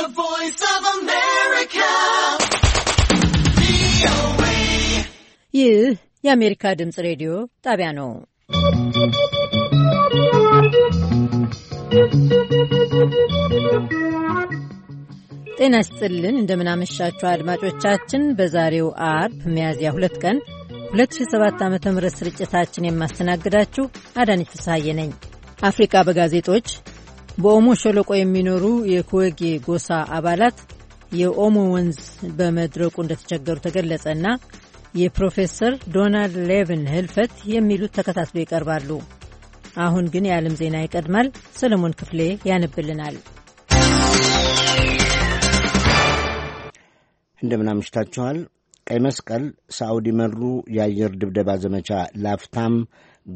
The Voice of America. ይህ የአሜሪካ ድምፅ ሬዲዮ ጣቢያ ነው። ጤና ይስጥልን፣ እንደምናመሻችሁ አድማጮቻችን። በዛሬው አርብ ሚያዝያ ሁለት ቀን 2007 ዓ ም ስርጭታችን የማስተናግዳችሁ አዳነች ፍስሐዬ ነኝ። አፍሪካ በጋዜጦች በኦሞ ሸለቆ የሚኖሩ የኮጌ ጎሳ አባላት የኦሞ ወንዝ በመድረቁ እንደተቸገሩ ተገለጸና የፕሮፌሰር ዶናልድ ሌቭን ህልፈት የሚሉት ተከታትሎ ይቀርባሉ። አሁን ግን የዓለም ዜና ይቀድማል። ሰለሞን ክፍሌ ያነብልናል። እንደምናምሽታችኋል። ቀይ መስቀል ሳዑዲ መሩ የአየር ድብደባ ዘመቻ ላፍታም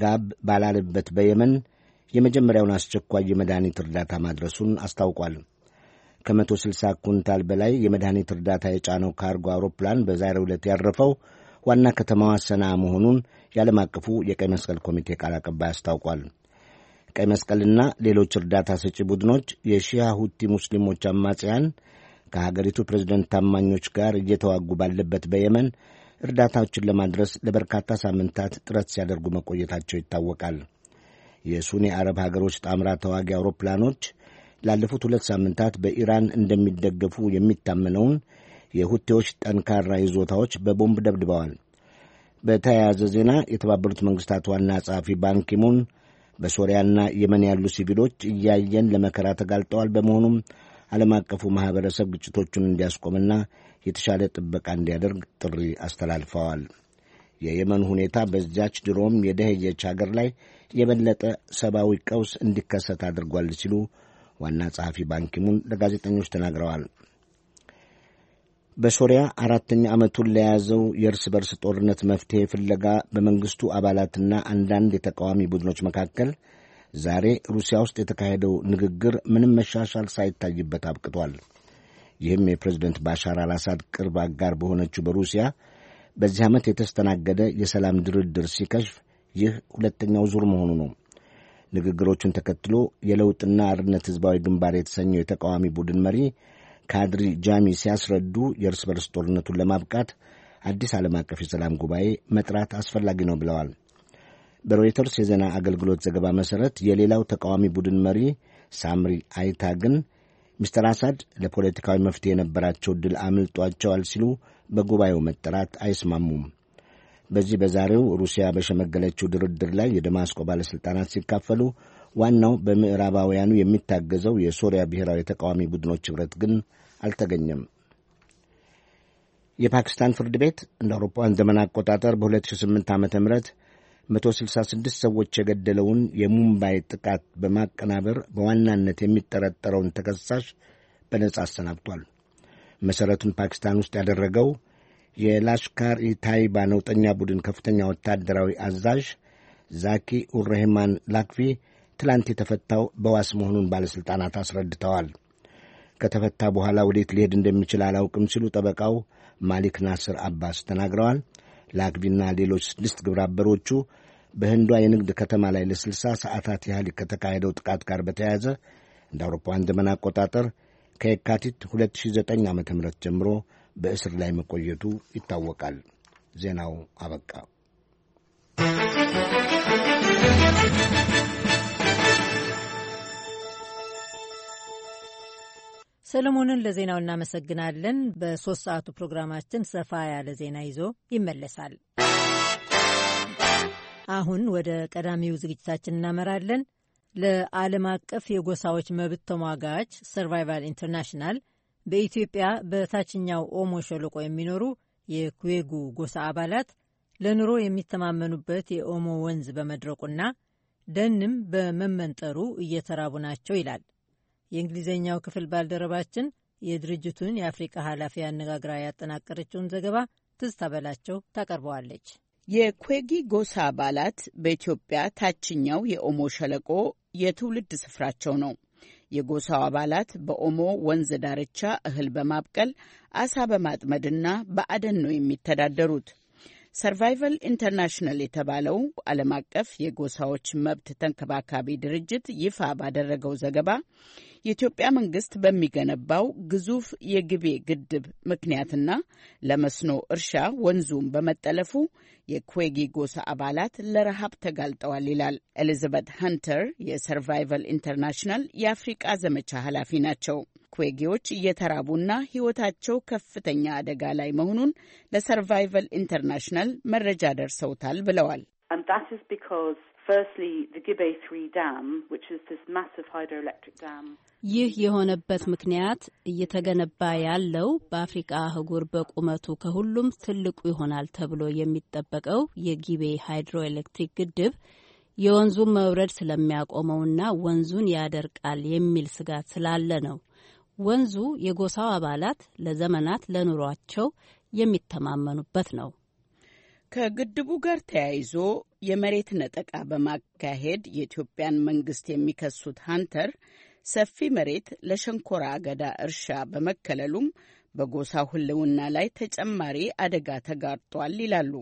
ጋብ ባላለበት በየመን የመጀመሪያውን አስቸኳይ የመድኃኒት እርዳታ ማድረሱን አስታውቋል። ከመቶ ስልሳ ኩንታል በላይ የመድኃኒት እርዳታ የጫነው ካርጎ አውሮፕላን በዛሬው ዕለት ያረፈው ዋና ከተማዋ ሰና መሆኑን የዓለም አቀፉ የቀይ መስቀል ኮሚቴ ቃል አቀባይ አስታውቋል። ቀይ መስቀልና ሌሎች እርዳታ ሰጪ ቡድኖች የሺያ ሁቲ ሙስሊሞች አማጽያን ከሀገሪቱ ፕሬዝደንት ታማኞች ጋር እየተዋጉ ባለበት በየመን እርዳታዎችን ለማድረስ ለበርካታ ሳምንታት ጥረት ሲያደርጉ መቆየታቸው ይታወቃል። የሱኒ አረብ ሀገሮች ጣምራ ተዋጊ አውሮፕላኖች ላለፉት ሁለት ሳምንታት በኢራን እንደሚደገፉ የሚታመነውን የሁቴዎች ጠንካራ ይዞታዎች በቦምብ ደብድበዋል። በተያያዘ ዜና የተባበሩት መንግስታት ዋና ጸሐፊ ባንኪሙን በሶሪያና የመን ያሉ ሲቪሎች እያየን ለመከራ ተጋልጠዋል። በመሆኑም ዓለም አቀፉ ማኅበረሰብ ግጭቶቹን እንዲያስቆምና የተሻለ ጥበቃ እንዲያደርግ ጥሪ አስተላልፈዋል። የየመን ሁኔታ በዚያች ድሮም የደህየች ሀገር ላይ የበለጠ ሰብአዊ ቀውስ እንዲከሰት አድርጓል ሲሉ ዋና ጸሐፊ ባንኪሙን ለጋዜጠኞች ተናግረዋል። በሶሪያ አራተኛ ዓመቱን ለያዘው የእርስ በርስ ጦርነት መፍትሔ ፍለጋ በመንግሥቱ አባላትና አንዳንድ የተቃዋሚ ቡድኖች መካከል ዛሬ ሩሲያ ውስጥ የተካሄደው ንግግር ምንም መሻሻል ሳይታይበት አብቅቷል። ይህም የፕሬዝደንት ባሻር አልአሳድ ቅርብ አጋር በሆነችው በሩሲያ በዚህ ዓመት የተስተናገደ የሰላም ድርድር ሲከሽፍ ይህ ሁለተኛው ዙር መሆኑ ነው። ንግግሮቹን ተከትሎ የለውጥና አርነት ሕዝባዊ ግንባር የተሰኘው የተቃዋሚ ቡድን መሪ ካድሪ ጃሚ ሲያስረዱ የእርስ በርስ ጦርነቱን ለማብቃት አዲስ ዓለም አቀፍ የሰላም ጉባኤ መጥራት አስፈላጊ ነው ብለዋል። በሮይተርስ የዜና አገልግሎት ዘገባ መሠረት የሌላው ተቃዋሚ ቡድን መሪ ሳምሪ አይታ ግን ሚስተር አሳድ ለፖለቲካዊ መፍትሄ የነበራቸው ድል አምልጧቸዋል ሲሉ በጉባኤው መጠራት አይስማሙም። በዚህ በዛሬው ሩሲያ በሸመገለችው ድርድር ላይ የደማስቆ ባለሥልጣናት ሲካፈሉ፣ ዋናው በምዕራባውያኑ የሚታገዘው የሶሪያ ብሔራዊ ተቃዋሚ ቡድኖች ኅብረት ግን አልተገኘም። የፓኪስታን ፍርድ ቤት እንደ አውሮፓውያን ዘመን አቆጣጠር በ2008 ዓ ም 166 ሰዎች የገደለውን የሙምባይ ጥቃት በማቀናበር በዋናነት የሚጠረጠረውን ተከሳሽ በነጻ አሰናብቷል። መሠረቱን ፓኪስታን ውስጥ ያደረገው የላሽካር ኢታይባ ነውጠኛ ቡድን ከፍተኛ ወታደራዊ አዛዥ ዛኪ ኡርሬህማን ላክቪ ትላንት የተፈታው በዋስ መሆኑን ባለሥልጣናት አስረድተዋል። ከተፈታ በኋላ ወዴት ሊሄድ እንደሚችል አላውቅም ሲሉ ጠበቃው ማሊክ ናስር አባስ ተናግረዋል። ላክቪና ሌሎች ስድስት ግብረ አበሮቹ በህንዷ የንግድ ከተማ ላይ ለስልሳ ሰዓታት ያህል ከተካሄደው ጥቃት ጋር በተያያዘ እንደ አውሮፓውያን ዘመን አቆጣጠር ከየካቲት 2009 ዓ ም ጀምሮ በእስር ላይ መቆየቱ ይታወቃል። ዜናው አበቃ። ሰለሞንን ለዜናው እናመሰግናለን። በሶስት ሰዓቱ ፕሮግራማችን ሰፋ ያለ ዜና ይዞ ይመለሳል። አሁን ወደ ቀዳሚው ዝግጅታችን እናመራለን። ለዓለም አቀፍ የጎሳዎች መብት ተሟጋች ሰርቫይቫል ኢንተርናሽናል በኢትዮጵያ በታችኛው ኦሞ ሸለቆ የሚኖሩ የኩዌጉ ጎሳ አባላት ለኑሮ የሚተማመኑበት የኦሞ ወንዝ በመድረቁና ደንም በመመንጠሩ እየተራቡ ናቸው ይላል። የእንግሊዝኛው ክፍል ባልደረባችን የድርጅቱን የአፍሪቃ ኃላፊ አነጋግራ ያጠናቀረችውን ዘገባ ትዝታ በላቸው ታቀርበዋለች። የኩዌጊ ጎሳ አባላት በኢትዮጵያ ታችኛው የኦሞ ሸለቆ የትውልድ ስፍራቸው ነው። የጎሳው አባላት በኦሞ ወንዝ ዳርቻ እህል በማብቀል አሳ በማጥመድና በአደን ነው የሚተዳደሩት። ሰርቫይቫል ኢንተርናሽናል የተባለው ዓለም አቀፍ የጎሳዎች መብት ተንከባካቢ ድርጅት ይፋ ባደረገው ዘገባ የኢትዮጵያ መንግስት በሚገነባው ግዙፍ የግቤ ግድብ ምክንያትና ለመስኖ እርሻ ወንዙን በመጠለፉ የኩዌጊ ጎሳ አባላት ለረሃብ ተጋልጠዋል ይላል። ኤሊዛቤት ሀንተር የሰርቫይቫል ኢንተርናሽናል የአፍሪቃ ዘመቻ ኃላፊ ናቸው። ኩዌጌዎች እየተራቡና ህይወታቸው ከፍተኛ አደጋ ላይ መሆኑን ለሰርቫይቫል ኢንተርናሽናል መረጃ ደርሰውታል ብለዋል። And that is because Firstly, the Gibe 3 dam, which is this massive hydroelectric dam. ይህ የሆነበት ምክንያት እየተገነባ ያለው በአፍሪቃ አህጉር በቁመቱ ከሁሉም ትልቁ ይሆናል ተብሎ የሚጠበቀው የጊቤ ሃይድሮኤሌክትሪክ ግድብ የወንዙን መውረድ ስለሚያቆመውና ወንዙን ያደርቃል የሚል ስጋት ስላለ ነው። ወንዙ የጎሳው አባላት ለዘመናት ለኑሯቸው የሚተማመኑበት ነው። ከግድቡ ጋር ተያይዞ የመሬት ነጠቃ በማካሄድ የኢትዮጵያን መንግስት የሚከሱት ሀንተር ሰፊ መሬት ለሸንኮራ አገዳ እርሻ በመከለሉም በጎሳ ሕልውና ላይ ተጨማሪ አደጋ ተጋርጧል ይላሉ።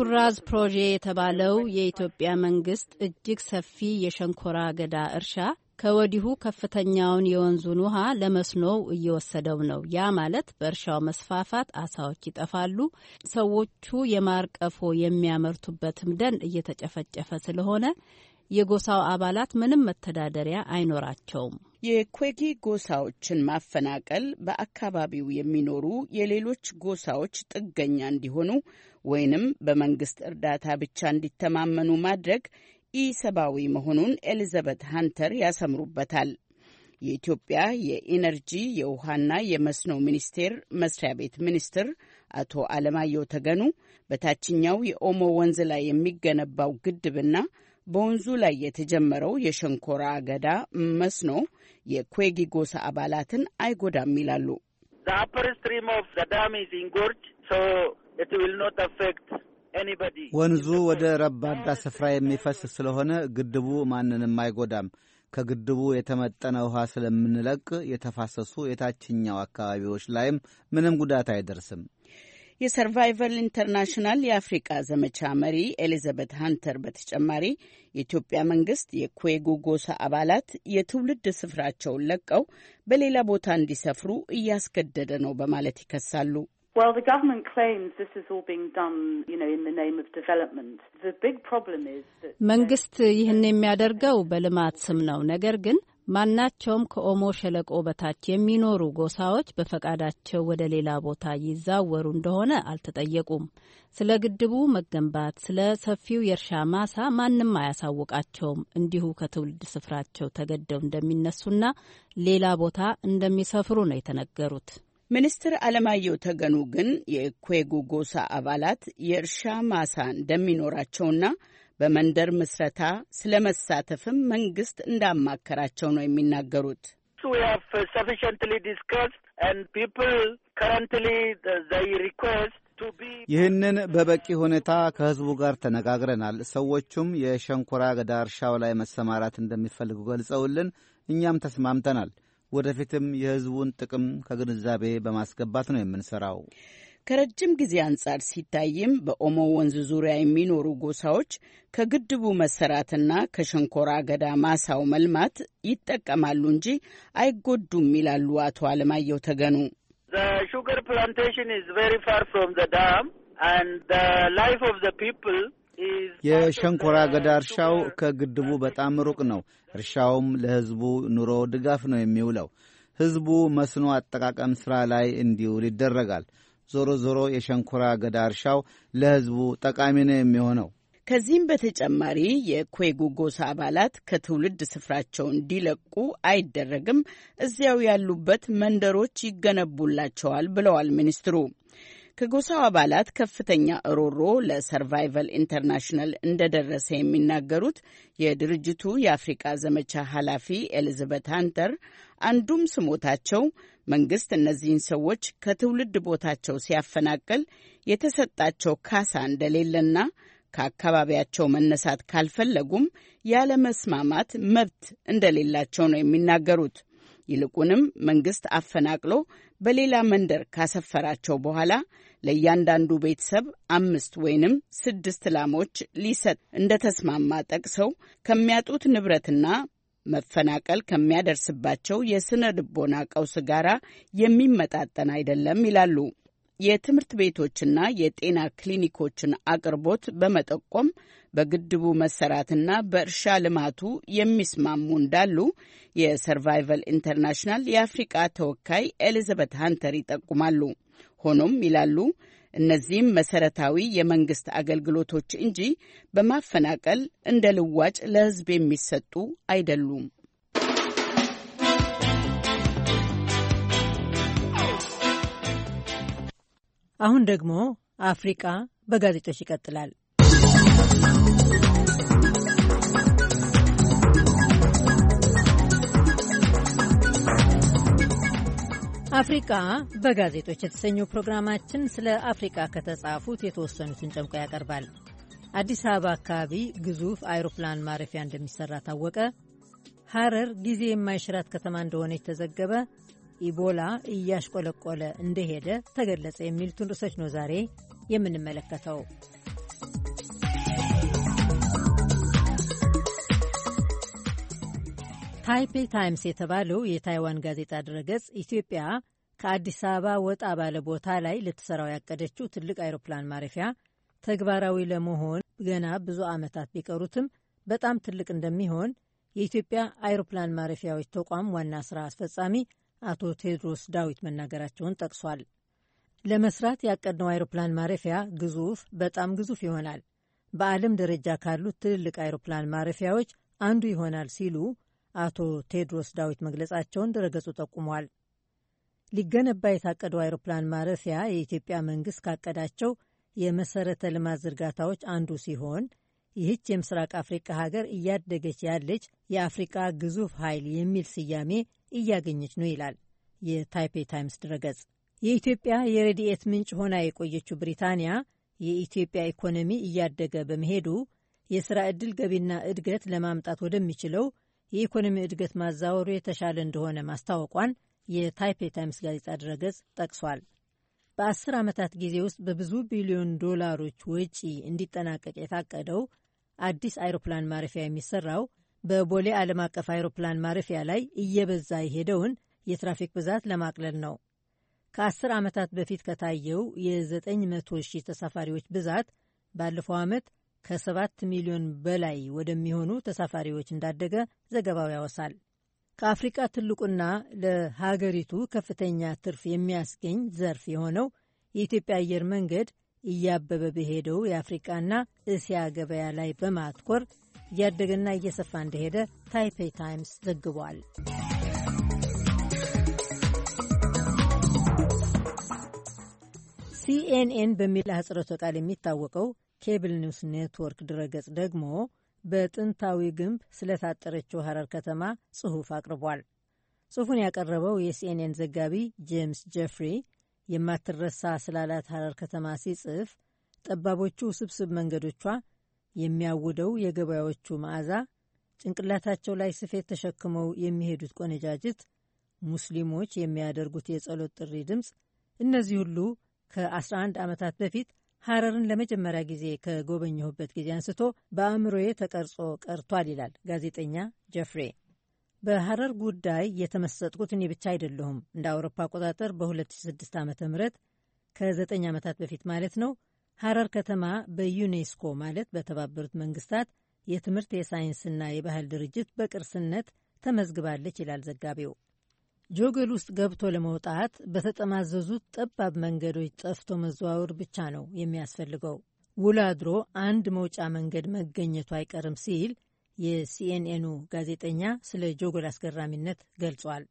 ኩራዝ ፕሮጄ የተባለው የኢትዮጵያ መንግስት እጅግ ሰፊ የሸንኮራ አገዳ እርሻ ከወዲሁ ከፍተኛውን የወንዙን ውሃ ለመስኖው እየወሰደው ነው። ያ ማለት በእርሻው መስፋፋት አሳዎች ይጠፋሉ። ሰዎቹ የማርቀፎ የሚያመርቱበትም ደን እየተጨፈጨፈ ስለሆነ የጎሳው አባላት ምንም መተዳደሪያ አይኖራቸውም። የኮጊ ጎሳዎችን ማፈናቀል በአካባቢው የሚኖሩ የሌሎች ጎሳዎች ጥገኛ እንዲሆኑ ወይንም በመንግስት እርዳታ ብቻ እንዲተማመኑ ማድረግ ኢሰብአዊ መሆኑን ኤሊዛቤት ሃንተር ያሰምሩበታል። የኢትዮጵያ የኢነርጂ የውሃና የመስኖ ሚኒስቴር መስሪያ ቤት ሚኒስትር አቶ አለማየሁ ተገኑ በታችኛው የኦሞ ወንዝ ላይ የሚገነባው ግድብና በወንዙ ላይ የተጀመረው የሸንኮራ አገዳ መስኖ የኩዌጊ ጎሳ አባላትን አይጎዳም ይላሉ። ወንዙ ወደ ረባዳ ስፍራ የሚፈስ ስለሆነ ግድቡ ማንንም አይጎዳም። ከግድቡ የተመጠነ ውሃ ስለምንለቅ የተፋሰሱ የታችኛው አካባቢዎች ላይም ምንም ጉዳት አይደርስም። የሰርቫይቨል ኢንተርናሽናል የአፍሪቃ ዘመቻ መሪ ኤሊዛቤት ሃንተር በተጨማሪ የኢትዮጵያ መንግስት የኩዌጉ ጎሳ አባላት የትውልድ ስፍራቸውን ለቀው በሌላ ቦታ እንዲሰፍሩ እያስገደደ ነው በማለት ይከሳሉ። Well, the government claims this is all being done, you know, in the name of development. The big problem is that መንግስት ይህን የሚያደርገው በልማት ስም ነው። ነገር ግን ማናቸውም ከኦሞ ሸለቆ በታች የሚኖሩ ጎሳዎች በፈቃዳቸው ወደ ሌላ ቦታ ይዛወሩ እንደሆነ አልተጠየቁም። ስለ ግድቡ መገንባት፣ ስለ ሰፊው የእርሻ ማሳ ማንም አያሳውቃቸውም። እንዲሁ ከትውልድ ስፍራቸው ተገደው እንደሚነሱና ሌላ ቦታ እንደሚሰፍሩ ነው የተነገሩት። ሚኒስትር አለማየሁ ተገኑ ግን የኢኩዌጉ ጎሳ አባላት የእርሻ ማሳ እንደሚኖራቸውና በመንደር ምስረታ ስለ መሳተፍም መንግስት እንዳማከራቸው ነው የሚናገሩት። uh, uh, ይህንን በበቂ ሁኔታ ከህዝቡ ጋር ተነጋግረናል። ሰዎቹም የሸንኮራ ገዳ እርሻው ላይ መሰማራት እንደሚፈልጉ ገልጸውልን እኛም ተስማምተናል። ወደፊትም የህዝቡን ጥቅም ከግንዛቤ በማስገባት ነው የምንሰራው። ከረጅም ጊዜ አንጻር ሲታይም በኦሞ ወንዝ ዙሪያ የሚኖሩ ጎሳዎች ከግድቡ መሰራትና ከሸንኮራ አገዳ ማሳው መልማት ይጠቀማሉ እንጂ አይጎዱም ይላሉ አቶ አለማየሁ ተገኑ። ሹገር ፕላንቴሽን ኢዝ ቬሪ ፋር ፍሮም ዘ ዳም አንድ ላይፍ ኦፍ ዘ ፒፕል የሸንኮራ አገዳ እርሻው ከግድቡ በጣም ሩቅ ነው። እርሻውም ለሕዝቡ ኑሮ ድጋፍ ነው የሚውለው። ሕዝቡ መስኖ አጠቃቀም ሥራ ላይ እንዲውል ይደረጋል። ዞሮ ዞሮ የሸንኮራ አገዳ እርሻው ለሕዝቡ ጠቃሚ ነው የሚሆነው። ከዚህም በተጨማሪ የኮጉ ጎሳ አባላት ከትውልድ ስፍራቸው እንዲለቁ አይደረግም፣ እዚያው ያሉበት መንደሮች ይገነቡላቸዋል ብለዋል ሚኒስትሩ። ከጎሳው አባላት ከፍተኛ እሮሮ ለሰርቫይቫል ኢንተርናሽናል እንደደረሰ የሚናገሩት የድርጅቱ የአፍሪቃ ዘመቻ ኃላፊ ኤልዝበት ሃንተር አንዱም ስሞታቸው መንግስት እነዚህን ሰዎች ከትውልድ ቦታቸው ሲያፈናቅል የተሰጣቸው ካሳ እንደሌለና ከአካባቢያቸው መነሳት ካልፈለጉም ያለመስማማት መብት እንደሌላቸው ነው የሚናገሩት። ይልቁንም መንግስት አፈናቅሎ በሌላ መንደር ካሰፈራቸው በኋላ ለእያንዳንዱ ቤተሰብ አምስት ወይንም ስድስት ላሞች ሊሰጥ እንደተስማማ ጠቅሰው ከሚያጡት ንብረትና መፈናቀል ከሚያደርስባቸው የስነ ልቦና ቀውስ ጋር የሚመጣጠን አይደለም ይላሉ። የትምህርት ቤቶችና የጤና ክሊኒኮችን አቅርቦት በመጠቆም በግድቡ መሰራትና በእርሻ ልማቱ የሚስማሙ እንዳሉ የሰርቫይቫል ኢንተርናሽናል የአፍሪቃ ተወካይ ኤሊዛቤት ሃንተር ይጠቁማሉ። ሆኖም ይላሉ እነዚህም መሰረታዊ የመንግስት አገልግሎቶች እንጂ በማፈናቀል እንደ ልዋጭ ለህዝብ የሚሰጡ አይደሉም። አሁን ደግሞ አፍሪቃ በጋዜጦች ይቀጥላል። አፍሪቃ በጋዜጦች የተሰኘው ፕሮግራማችን ስለ አፍሪቃ ከተጻፉት የተወሰኑትን ጨምቆ ያቀርባል። አዲስ አበባ አካባቢ ግዙፍ አይሮፕላን ማረፊያ እንደሚሰራ ታወቀ። ሐረር ጊዜ የማይሽራት ከተማ እንደሆነች ተዘገበ። ኢቦላ እያሽቆለቆለ እንደሄደ ተገለጸ የሚሉትን ርዕሶች ነው ዛሬ የምንመለከተው። ታይፔ ታይምስ የተባለው የታይዋን ጋዜጣ ድረገጽ ኢትዮጵያ ከአዲስ አበባ ወጣ ባለ ቦታ ላይ ልትሰራው ያቀደችው ትልቅ አይሮፕላን ማረፊያ ተግባራዊ ለመሆን ገና ብዙ ዓመታት ቢቀሩትም በጣም ትልቅ እንደሚሆን የኢትዮጵያ አይሮፕላን ማረፊያዎች ተቋም ዋና ስራ አስፈጻሚ አቶ ቴድሮስ ዳዊት መናገራቸውን ጠቅሷል። ለመስራት ያቀድነው አይሮፕላን ማረፊያ ግዙፍ፣ በጣም ግዙፍ ይሆናል። በዓለም ደረጃ ካሉት ትልልቅ አይሮፕላን ማረፊያዎች አንዱ ይሆናል ሲሉ አቶ ቴድሮስ ዳዊት መግለጻቸውን ድረገጹ ጠቁሟል። ሊገነባ የታቀደው አይሮፕላን ማረፊያ የኢትዮጵያ መንግስት ካቀዳቸው የመሰረተ ልማት ዝርጋታዎች አንዱ ሲሆን ይህች የምስራቅ አፍሪካ ሀገር እያደገች ያለች የአፍሪቃ ግዙፍ ኃይል የሚል ስያሜ እያገኘች ነው ይላል የታይፔ ታይምስ ድረገጽ። የኢትዮጵያ የረድኤት ምንጭ ሆና የቆየችው ብሪታንያ የኢትዮጵያ ኢኮኖሚ እያደገ በመሄዱ የሥራ ዕድል ገቢና እድገት ለማምጣት ወደሚችለው የኢኮኖሚ እድገት ማዛወሩ የተሻለ እንደሆነ ማስታወቋን የታይፔ ታይምስ ጋዜጣ ድረገጽ ጠቅሷል። በአስር ዓመታት ጊዜ ውስጥ በብዙ ቢሊዮን ዶላሮች ወጪ እንዲጠናቀቅ የታቀደው አዲስ አይሮፕላን ማረፊያ የሚሰራው በቦሌ ዓለም አቀፍ አይሮፕላን ማረፊያ ላይ እየበዛ የሄደውን የትራፊክ ብዛት ለማቅለል ነው። ከአስር ዓመታት በፊት ከታየው የ900 ሺህ ተሳፋሪዎች ብዛት ባለፈው ዓመት ከ7 ሚሊዮን በላይ ወደሚሆኑ ተሳፋሪዎች እንዳደገ ዘገባው ያወሳል። ከአፍሪቃ ትልቁና ለሀገሪቱ ከፍተኛ ትርፍ የሚያስገኝ ዘርፍ የሆነው የኢትዮጵያ አየር መንገድ እያበበ በሄደው የአፍሪቃና እስያ ገበያ ላይ በማትኮር እያደገና እየሰፋ እንደሄደ ታይፔ ታይምስ ዘግቧል። ሲኤንኤን በሚል አህጽሮተ ቃል የሚታወቀው ኬብል ኒውስ ኔትወርክ ድረገጽ ደግሞ በጥንታዊ ግንብ ስለታጠረችው ሐረር ከተማ ጽሑፍ አቅርቧል። ጽሑፉን ያቀረበው የሲኤንኤን ዘጋቢ ጄምስ ጀፍሪ የማትረሳ ስላላት ሐረር ከተማ ሲጽፍ ጠባቦቹ ውስብስብ መንገዶቿ፣ የሚያውደው የገበያዎቹ መዓዛ፣ ጭንቅላታቸው ላይ ስፌት ተሸክመው የሚሄዱት ቆነጃጅት፣ ሙስሊሞች የሚያደርጉት የጸሎት ጥሪ ድምፅ፣ እነዚህ ሁሉ ከ11 ዓመታት በፊት ሐረርን ለመጀመሪያ ጊዜ ከጎበኘሁበት ጊዜ አንስቶ በአእምሮዬ ተቀርጾ ቀርቷል ይላል ጋዜጠኛ ጀፍሬ። በሐረር ጉዳይ የተመሰጥኩት እኔ ብቻ አይደለሁም። እንደ አውሮፓ አቆጣጠር በ2006 ዓ ም ከ9 ዓመታት በፊት ማለት ነው ሐረር ከተማ በዩኔስኮ ማለት በተባበሩት መንግስታት የትምህርት የሳይንስና የባህል ድርጅት በቅርስነት ተመዝግባለች ይላል ዘጋቢው። ጆገል ውስጥ ገብቶ ለመውጣት በተጠማዘዙት ጠባብ መንገዶች ጠፍቶ መዘዋወር ብቻ ነው የሚያስፈልገው። ውሎ አድሮ አንድ መውጫ መንገድ መገኘቱ አይቀርም ሲል የሲኤንኤኑ ጋዜጠኛ ስለ ጆጎል አስገራሚነት ገልጿል።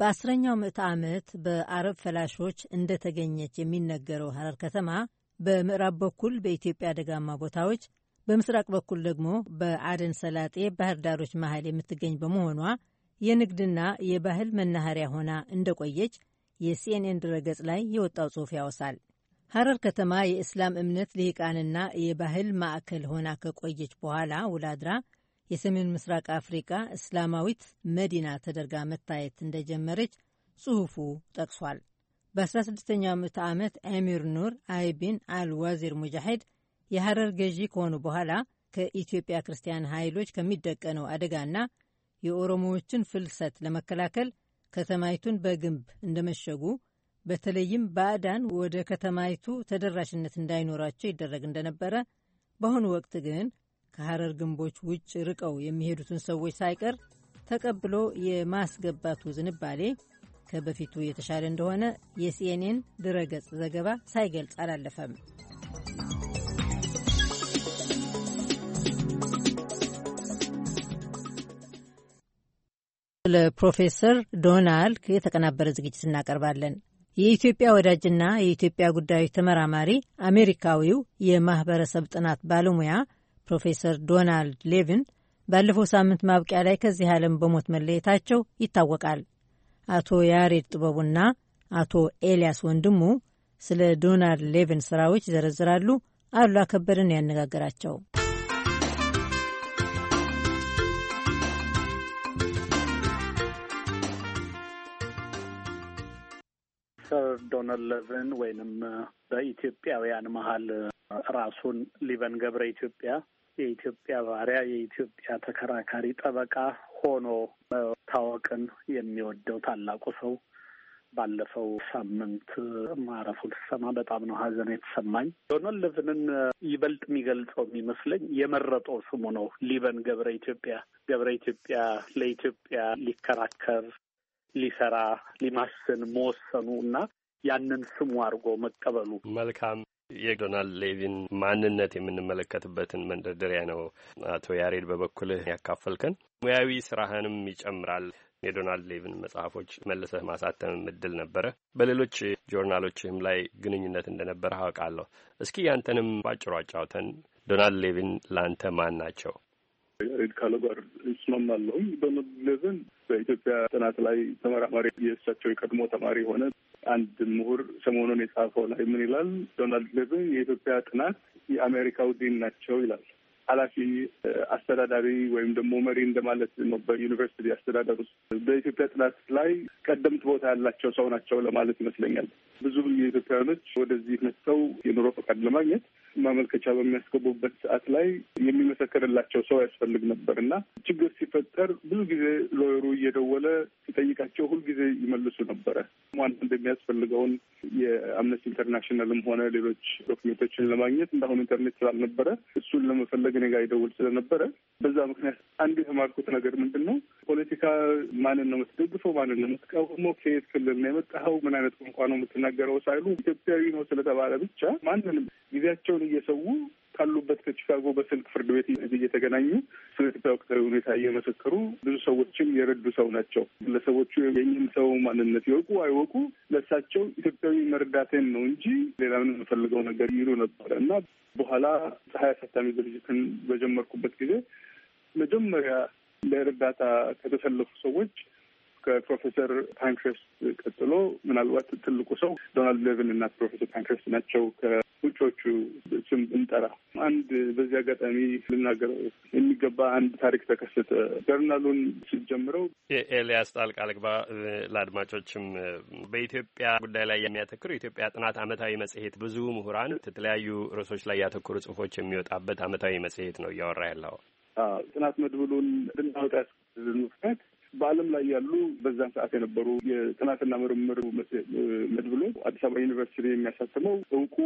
በአስረኛው ምዕተ ዓመት በአረብ ፈላሾች እንደተገኘች የሚነገረው ሐረር ከተማ በምዕራብ በኩል በኢትዮጵያ ደጋማ ቦታዎች፣ በምስራቅ በኩል ደግሞ በአደን ሰላጤ ባህር ዳሮች መሀል የምትገኝ በመሆኗ የንግድና የባህል መናኸሪያ ሆና እንደቆየች የሲኤንኤን ድረገጽ ላይ የወጣው ጽሑፍ ያወሳል። ሐረር ከተማ የእስላም እምነት ልሂቃንና የባህል ማዕከል ሆና ከቆየች በኋላ ውላድራ የሰሜን ምስራቅ አፍሪቃ እስላማዊት መዲና ተደርጋ መታየት እንደጀመረች ጽሑፉ ጠቅሷል። በ16ኛው ምዕተ ዓመት አሚር ኑር አይቢን አልዋዚር ሙጃሂድ የሐረር ገዢ ከሆኑ በኋላ ከኢትዮጵያ ክርስቲያን ኃይሎች ከሚደቀነው አደጋና የኦሮሞዎችን ፍልሰት ለመከላከል ከተማይቱን በግንብ እንደመሸጉ በተለይም ባዕዳን ወደ ከተማይቱ ተደራሽነት እንዳይኖራቸው ይደረግ እንደነበረ፣ በአሁኑ ወቅት ግን ከሐረር ግንቦች ውጭ ርቀው የሚሄዱትን ሰዎች ሳይቀር ተቀብሎ የማስገባቱ ዝንባሌ ከበፊቱ የተሻለ እንደሆነ የሲኤንኤን ድረገጽ ዘገባ ሳይገልጽ አላለፈም። ለፕሮፌሰር ዶናልድ የተቀናበረ ዝግጅት እናቀርባለን። የኢትዮጵያ ወዳጅና የኢትዮጵያ ጉዳዮች ተመራማሪ አሜሪካዊው የማህበረሰብ ጥናት ባለሙያ ፕሮፌሰር ዶናልድ ሌቪን ባለፈው ሳምንት ማብቂያ ላይ ከዚህ ዓለም በሞት መለየታቸው ይታወቃል። አቶ ያሬድ ጥበቡና አቶ ኤልያስ ወንድሙ ስለ ዶናልድ ሌቪን ስራዎች ይዘረዝራሉ። አሉላ ከበደን ያነጋገራቸው ዳውን ኤለቨን ወይንም uh, በኢትዮጵያውያን መሀል uh, ራሱን ሊበን ገብረ ኢትዮጵያ የኢትዮጵያ ባሪያ የኢትዮጵያ ተከራካሪ ጠበቃ ሆኖ መታወቅን የሚወደው ታላቁ ሰው ባለፈው ሳምንት ማረፉ ልሰማ በጣም ነው ሀዘን የተሰማኝ። ዶናልድ ለቭንን uh, ይበልጥ የሚገልጸው የሚመስለኝ የመረጠው ስሙ ነው፣ ሊበን ገብረ ኢትዮጵያ። ገብረ ኢትዮጵያ ለኢትዮጵያ ሊከራከር፣ ሊሰራ፣ ሊማስን መወሰኑ እና ያንን ስሙ አድርጎ መቀበሉ መልካም የዶናልድ ሌቪን ማንነት የምንመለከትበትን መንደርደሪያ ነው። አቶ ያሬድ በበኩልህ ያካፈልከን ሙያዊ ስራህንም ይጨምራል። የዶናልድ ሌቪን መጽሐፎች መልሰህ ማሳተም እድል ነበረ። በሌሎች ጆርናሎችህም ላይ ግንኙነት እንደነበረ አውቃለሁ። እስኪ ያንተንም ባጭሩ አጫውተን። ዶናልድ ሌቪን ለአንተ ማን ናቸው? ያሬድ ካለው ጋር ዶናልድ ሌቪን በኢትዮጵያ ጥናት ላይ ተመራማሪ፣ የእሳቸው የቀድሞ ተማሪ የሆነ አንድ ምሁር ሰሞኑን የጻፈው ላይ ምን ይላል? ዶናልድ ሌብን የኢትዮጵያ ጥናት የአሜሪካው ዲን ናቸው ይላል። ኃላፊ አስተዳዳሪ ወይም ደግሞ መሪ እንደማለት ነው። በዩኒቨርሲቲ አስተዳደር ውስጥ በኢትዮጵያ ጥናት ላይ ቀደምት ቦታ ያላቸው ሰው ናቸው ለማለት ይመስለኛል። ብዙ የኢትዮጵያውያኖች ወደዚህ መጥተው የኑሮ ፈቃድ ለማግኘት ማመልከቻ በሚያስገቡበት ሰዓት ላይ የሚመሰከርላቸው ሰው ያስፈልግ ነበር እና ችግር ሲፈጠር ብዙ ጊዜ ሎየሩ እየደወለ ሲጠይቃቸው ሁልጊዜ ይመልሱ ነበረ። አንዳንድ የሚያስፈልገውን የአምነስቲ ኢንተርናሽናልም ሆነ ሌሎች ዶክሜንቶችን ለማግኘት እንደአሁኑ ኢንተርኔት ስላልነበረ እሱን ለመፈለግ ከኔ ጋር ይደውል ስለነበረ በዛ ምክንያት አንድ የተማርኩት ነገር ምንድን ነው፣ ፖለቲካ ማንን ነው የምትደግፈው፣ ማንን ነው የምትቃወመው፣ ከየት ክልል ነው የመጣኸው፣ ምን አይነት ቋንቋ ነው የምትናገረው ሳይሉ ኢትዮጵያዊ ነው ስለተባለ ብቻ ማንንም ጊዜያቸውን እየሰዉ ካሉበት ከቺካጎ በስልክ ፍርድ ቤት እየተገናኙ ስለ ኢትዮጵያ ወቅታዊ ሁኔታ እየመሰከሩ ብዙ ሰዎችም የረዱ ሰው ናቸው። ለሰዎቹ የኝም ሰው ማንነት ይወቁ አይወቁ ለሳቸው ኢትዮጵያዊ መርዳትን ነው እንጂ ሌላ ምን የምፈልገው ነገር ይሉ ነበረ እና በኋላ ፀሐይ አሳታሚ ድርጅትን በጀመርኩበት ጊዜ መጀመሪያ ለእርዳታ ከተሰለፉ ሰዎች ከፕሮፌሰር ፓንክረስት ቀጥሎ ምናልባት ትልቁ ሰው ዶናልድ ሌቭን እና ፕሮፌሰር ፓንክረስት ናቸው። ከውጮቹ ስም ብንጠራ አንድ በዚህ አጋጣሚ ልናገረው የሚገባ አንድ ታሪክ ተከሰተ። ጀርናሉን ስጀምረው የኤልያስ ጣልቃ ልግባ። ለአድማጮችም በኢትዮጵያ ጉዳይ ላይ የሚያተክሩ የኢትዮጵያ ጥናት ዓመታዊ መጽሔት ብዙ ምሁራን የተለያዩ ርዕሶች ላይ ያተኮሩ ጽሁፎች የሚወጣበት አመታዊ መጽሔት ነው እያወራ ያለው ጥናት መድብሉን እንድናወጣ ምክንያት በዓለም ላይ ያሉ በዛን ሰዓት የነበሩ የጥናትና ምርምር መድብሎ አዲስ አበባ ዩኒቨርሲቲ የሚያሳትመው እውቁ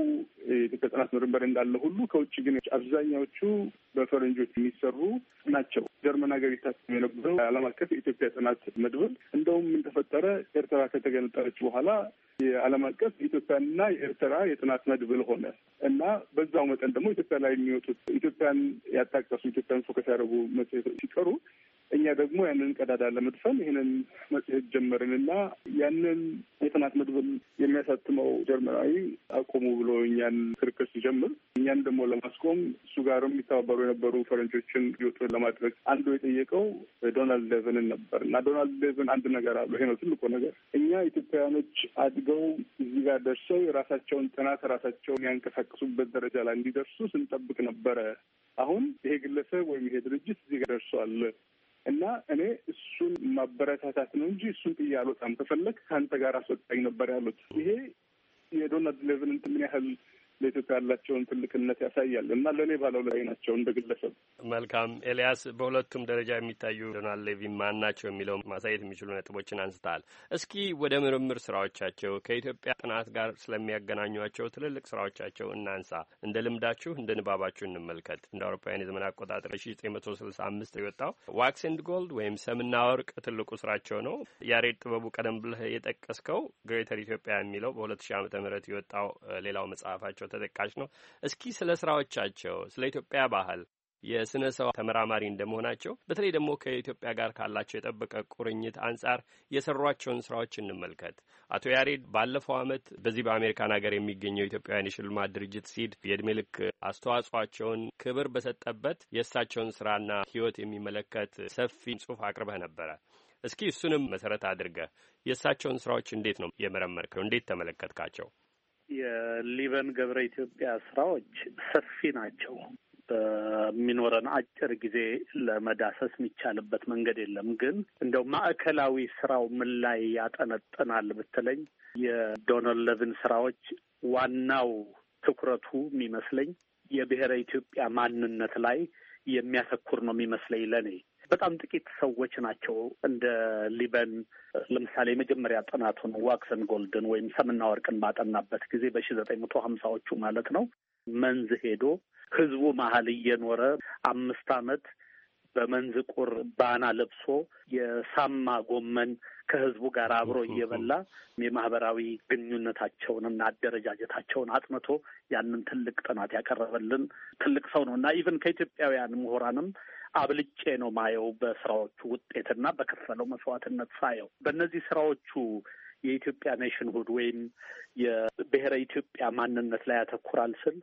የኢትዮጵያ ጥናት ምርምር እንዳለ ሁሉ ከውጭ ግን አብዛኛዎቹ በፈረንጆች የሚሰሩ ናቸው። ጀርመን ሀገር የታተመ የነበረው ዓለም አቀፍ የኢትዮጵያ ጥናት መድብል እንደውም ምን ተፈጠረ? ኤርትራ ከተገነጠለች በኋላ የዓለም አቀፍ የኢትዮጵያና የኤርትራ የጥናት መድብል ሆነ እና በዛው መጠን ደግሞ ኢትዮጵያ ላይ የሚወጡት ኢትዮጵያን ያጣቀሱ ኢትዮጵያን ፎከስ ያደረጉ መጽሔቶች ሲቀሩ እኛ ደግሞ ያንን ቀዳዳ ለመጥፈን ይህንን መጽሔት ጀመርን እና ያንን የጥናት መድብል የሚያሳትመው ጀርመናዊ አቆሙ ብሎ እኛን ክርክር ሲጀምር እኛን ደግሞ ለማስቆም እሱ ጋርም የሚተባበሩ የነበሩ ፈረንጆችን ወጡ ለማድረግ አንዱ የጠየቀው ዶናልድ ሌቨንን ነበር እና ዶናልድ ሌቨን አንድ ነገር አለ ይሄ ነው ትልቁ ነገር። እኛ ኢትዮጵያውያኖች አድገው እዚህ ጋር ደርሰው የራሳቸውን ጥናት ራሳቸውን ያንቀሳቀሱበት ደረጃ ላይ እንዲደርሱ ስንጠብቅ ነበረ። አሁን ይሄ ግለሰብ ወይም ይሄ ድርጅት እዚህ ጋር ደርሷል። እና እኔ እሱን ማበረታታት ነው እንጂ እሱን ጥዬ አልወጣም። ከፈለግ ከአንተ ጋር አስወጣኝ ነበር ያሉት። ይሄ የዶናልድ ሌቨንት ምን ያህል ለኢትዮጵያ ያላቸውን ትልቅነት ያሳያል እና ለእኔ ባለው ላይ ናቸው እንደ ግለሰብ። መልካም ኤልያስ፣ በሁለቱም ደረጃ የሚታዩ ዶናልድ ሌቪ ማን ናቸው የሚለው ማሳየት የሚችሉ ነጥቦችን አንስተሃል። እስኪ ወደ ምርምር ስራዎቻቸው ከኢትዮጵያ ጥናት ጋር ስለሚያገናኟቸው ትልልቅ ስራዎቻቸው እናንሳ። እንደ ልምዳችሁ እንደ ንባባችሁ እንመልከት። እንደ አውሮፓውያን የዘመን አቆጣጠር ሺ ዘጠኝ መቶ ስልሳ አምስት የወጣው ዋክስ ኤንድ ጎልድ ወይም ሰምና ወርቅ ትልቁ ስራቸው ነው። ያሬድ ጥበቡ ቀደም ብለህ የጠቀስከው ግሬተር ኢትዮጵያ የሚለው በሁለት ሺ ዓመተ ምህረት የወጣው ሌላው መጽሐፋቸው ተጠቃሽ ነው። እስኪ ስለ ስራዎቻቸው፣ ስለ ኢትዮጵያ ባህል የስነ ሰው ተመራማሪ እንደመሆናቸው በተለይ ደግሞ ከኢትዮጵያ ጋር ካላቸው የጠበቀ ቁርኝት አንጻር የሰሯቸውን ስራዎች እንመልከት። አቶ ያሬድ ባለፈው ዓመት በዚህ በአሜሪካን ሀገር የሚገኘው ኢትዮጵያውያን የሽልማት ድርጅት ሲድ የእድሜ ልክ አስተዋጽቸውን ክብር በሰጠበት የእሳቸውን ስራና ህይወት የሚመለከት ሰፊ ጽሁፍ አቅርበህ ነበረ። እስኪ እሱንም መሰረት አድርገህ የእሳቸውን ስራዎች እንዴት ነው የመረመርከው? እንዴት ተመለከትካቸው? የሊበን ገብረ ኢትዮጵያ ስራዎች ሰፊ ናቸው። በሚኖረን አጭር ጊዜ ለመዳሰስ የሚቻልበት መንገድ የለም። ግን እንደው ማዕከላዊ ስራው ምን ላይ ያጠነጥናል ብትለኝ የዶናልድ ለቪን ስራዎች ዋናው ትኩረቱ የሚመስለኝ የብሔረ ኢትዮጵያ ማንነት ላይ የሚያተኩር ነው የሚመስለኝ ለኔ በጣም ጥቂት ሰዎች ናቸው እንደ ሊበን ለምሳሌ የመጀመሪያ ጥናቱን ዋክሰን ጎልድን ወይም ሰምና ወርቅን ባጠናበት ጊዜ በሺ ዘጠኝ መቶ ሀምሳዎቹ ማለት ነው መንዝ ሄዶ ህዝቡ መሀል እየኖረ አምስት አመት በመንዝ ቁር ባና ለብሶ የሳማ ጎመን ከህዝቡ ጋር አብሮ እየበላ የማህበራዊ ግንኙነታቸውንና አደረጃጀታቸውን አጥንቶ ያንን ትልቅ ጥናት ያቀረበልን ትልቅ ሰው ነው እና ኢቨን ከኢትዮጵያውያን ምሁራንም አብልጬ ነው ማየው በስራዎቹ ውጤትና በከፈለው መስዋዕትነት ሳየው በእነዚህ ስራዎቹ የኢትዮጵያ ኔሽንሁድ ወይም የብሔረ ኢትዮጵያ ማንነት ላይ ያተኩራል ስል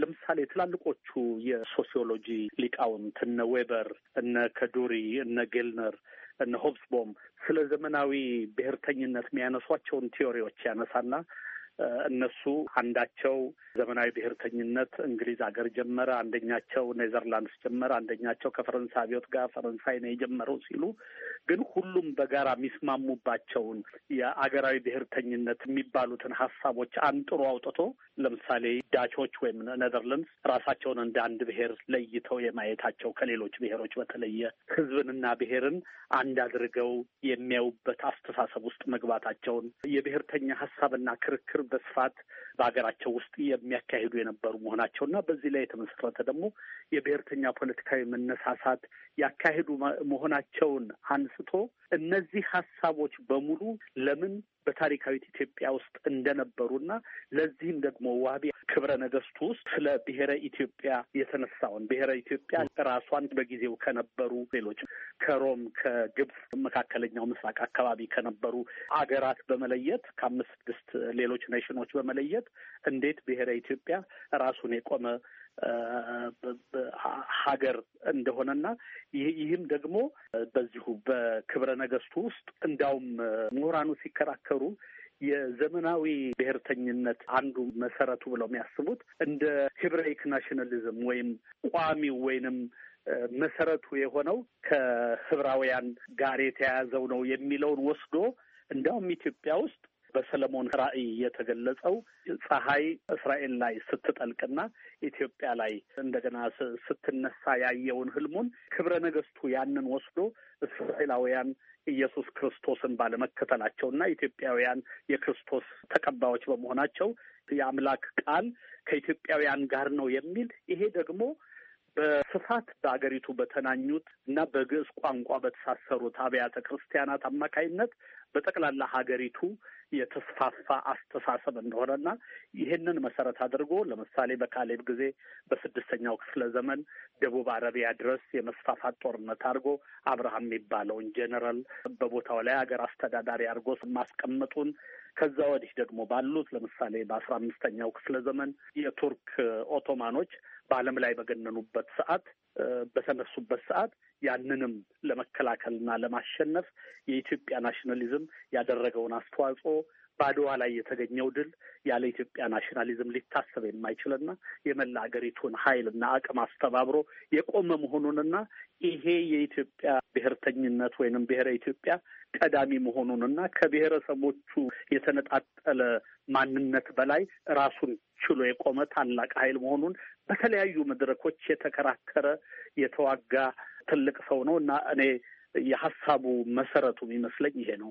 ለምሳሌ ትላልቆቹ የሶሲዮሎጂ ሊቃውንት እነ ዌበር፣ እነ ከዱሪ፣ እነ ጌልነር፣ እነ ሆብስቦም ስለ ዘመናዊ ብሔርተኝነት የሚያነሷቸውን ቲዮሪዎች ያነሳና እነሱ አንዳቸው ዘመናዊ ብሔርተኝነት እንግሊዝ ሀገር ጀመረ፣ አንደኛቸው ኔዘርላንድስ ጀመረ፣ አንደኛቸው ከፈረንሳይ አብዮት ጋር ፈረንሳይ ነው የጀመረው ሲሉ ግን ሁሉም በጋራ የሚስማሙባቸውን የአገራዊ ብሔርተኝነት የሚባሉትን ሀሳቦች አንጥሮ አውጥቶ ለምሳሌ ዳቾች ወይም ኔዘርላንድስ ራሳቸውን እንደ አንድ ብሔር ለይተው የማየታቸው ከሌሎች ብሔሮች በተለየ ህዝብንና ብሔርን አንድ አድርገው የሚያዩበት አስተሳሰብ ውስጥ መግባታቸውን የብሔርተኛ ሀሳብና ክርክር በስፋት በሀገራቸው ውስጥ የሚያካሂዱ የነበሩ መሆናቸው እና በዚህ ላይ የተመሰረተ ደግሞ የብሔርተኛ ፖለቲካዊ መነሳሳት ያካሄዱ መሆናቸውን አንስቶ እነዚህ ሀሳቦች በሙሉ ለምን በታሪካዊት ኢትዮጵያ ውስጥ እንደነበሩና ለዚህም ደግሞ ዋቢ ክብረ ነገስቱ ውስጥ ስለ ብሔረ ኢትዮጵያ የተነሳውን ብሔረ ኢትዮጵያ ራሷን በጊዜው ከነበሩ ሌሎች ከሮም ከግብፅ መካከለኛው ምስራቅ አካባቢ ከነበሩ አገራት በመለየት ከአምስት ስድስት ሌሎች ኔሽኖች በመለየት እንዴት ብሔረ ኢትዮጵያ ራሱን የቆመ ሀገር እንደሆነና ይህም ደግሞ በዚሁ በክብረ ነገስቱ ውስጥ እንዳውም ምሁራኑ ሲከራከሩ የዘመናዊ ብሔርተኝነት አንዱ መሰረቱ ብለው የሚያስቡት እንደ ሂብራይክ ናሽናሊዝም ወይም ቋሚው ወይንም መሰረቱ የሆነው ከህብራውያን ጋር የተያያዘው ነው የሚለውን ወስዶ እንዳውም ኢትዮጵያ ውስጥ በሰለሞን ራዕይ የተገለጸው ፀሐይ እስራኤል ላይ ስትጠልቅና ኢትዮጵያ ላይ እንደገና ስትነሳ ያየውን ህልሙን ክብረ ነገስቱ ያንን ወስዶ እስራኤላውያን ኢየሱስ ክርስቶስን ባለመከተላቸው እና ኢትዮጵያውያን የክርስቶስ ተቀባዮች በመሆናቸው የአምላክ ቃል ከኢትዮጵያውያን ጋር ነው የሚል ይሄ ደግሞ በስፋት በአገሪቱ በተናኙት እና በግዕዝ ቋንቋ በተሳሰሩት አብያተ ክርስቲያናት አማካይነት በጠቅላላ ሀገሪቱ የተስፋፋ አስተሳሰብ እንደሆነና ይህንን መሰረት አድርጎ ለምሳሌ በካሌብ ጊዜ በስድስተኛው ክፍለ ዘመን ደቡብ አረቢያ ድረስ የመስፋፋት ጦርነት አድርጎ አብርሃም የሚባለውን ጄኔራል በቦታው ላይ ሀገር አስተዳዳሪ አድርጎ ማስቀመጡን ከዛ ወዲህ ደግሞ ባሉት ለምሳሌ በአስራ አምስተኛው ክፍለ ዘመን የቱርክ ኦቶማኖች በዓለም ላይ በገነኑበት ሰዓት በተነሱበት ሰዓት ያንንም ለመከላከልና ለማሸነፍ የኢትዮጵያ ናሽናሊዝም ያደረገውን አስተዋጽኦ በአድዋ ላይ የተገኘው ድል ያለ ኢትዮጵያ ናሽናሊዝም ሊታሰብ የማይችልና የመላ አገሪቱን ኃይልና አቅም አስተባብሮ የቆመ መሆኑንና ይሄ የኢትዮጵያ ብሔርተኝነት ወይንም ብሔረ ኢትዮጵያ ቀዳሚ መሆኑንና ከብሔረሰቦቹ የተነጣጠለ ማንነት በላይ ራሱን ችሎ የቆመ ታላቅ ኃይል መሆኑን በተለያዩ መድረኮች የተከራከረ የተዋጋ ትልቅ ሰው ነው እና እኔ የሀሳቡ መሰረቱ የሚመስለኝ ይሄ ነው።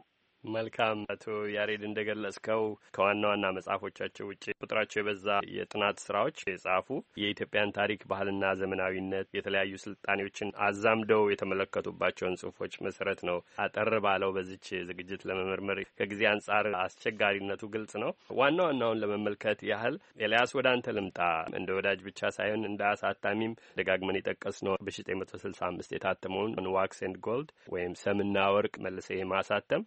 መልካም አቶ ያሬድ እንደገለጽከው ከዋና ዋና መጽሐፎቻቸው ውጭ ቁጥራቸው የበዛ የጥናት ስራዎች የጻፉ የኢትዮጵያን ታሪክ ባህልና ዘመናዊነት የተለያዩ ስልጣኔዎችን አዛምደው የተመለከቱባቸውን ጽሁፎች መሰረት ነው አጠር ባለው በዚች ዝግጅት ለመመርመር ከጊዜ አንጻር አስቸጋሪነቱ ግልጽ ነው። ዋና ዋናውን ለመመልከት ያህል ኤልያስ፣ ወደ አንተ ልምጣ። እንደ ወዳጅ ብቻ ሳይሆን እንደ አሳታሚም ደጋግመን የጠቀስ ነው በ1965 የታተመውን ዋክስ ኤንድ ጎልድ ወይም ሰምና ወርቅ መልሰ ማሳተም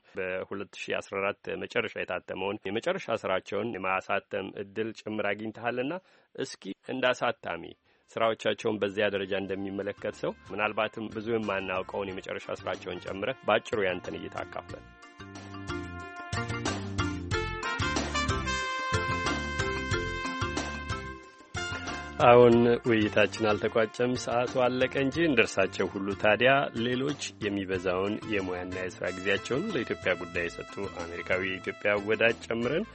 2014 መጨረሻ የታተመውን የመጨረሻ ስራቸውን የማሳተም እድል ጭምር አግኝተሃልና እስኪ እንዳሳታሚ ስራዎቻቸውን በዚያ ደረጃ እንደሚመለከት ሰው ምናልባትም ብዙ የማናውቀውን የመጨረሻ ስራቸውን ጨምረህ በአጭሩ ያንተን እይታ አካፍለን። አሁን ውይይታችን አልተቋጨም፣ ሰዓቱ አለቀ እንጂ እንደርሳቸው ሁሉ ታዲያ ሌሎች የሚበዛውን የሙያና የስራ ጊዜያቸውን ለኢትዮጵያ ጉዳይ የሰጡ አሜሪካዊ የኢትዮጵያ ወዳጅ ጨምረን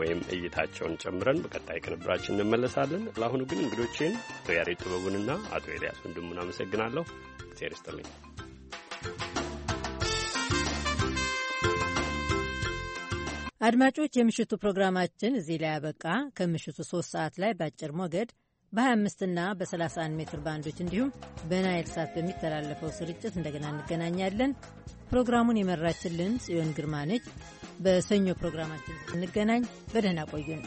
ወይም እይታቸውን ጨምረን በቀጣይ ቅንብራችን እንመለሳለን። ለአሁኑ ግን እንግዶቼን አቶ ያሬድ ጥበቡንና አቶ ኤልያስ ወንድሙን አመሰግናለሁ። እግዜር ይስጥልኝ። አድማጮች፣ የምሽቱ ፕሮግራማችን እዚህ ላይ ያበቃ። ከምሽቱ ሶስት ሰዓት ላይ በአጭር ሞገድ በ25 እና በ31 ሜትር ባንዶች እንዲሁም በናይል ሳት በሚተላለፈው ስርጭት እንደገና እንገናኛለን። ፕሮግራሙን የመራችልን ጽዮን ግርማ ነች። በሰኞ ፕሮግራማችን እንገናኝ። በደህና ቆዩን።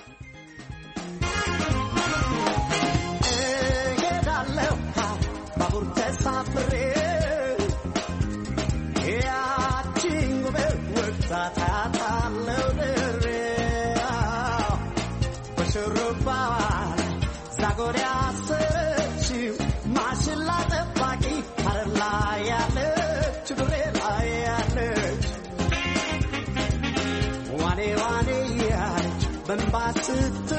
奔吧，时代！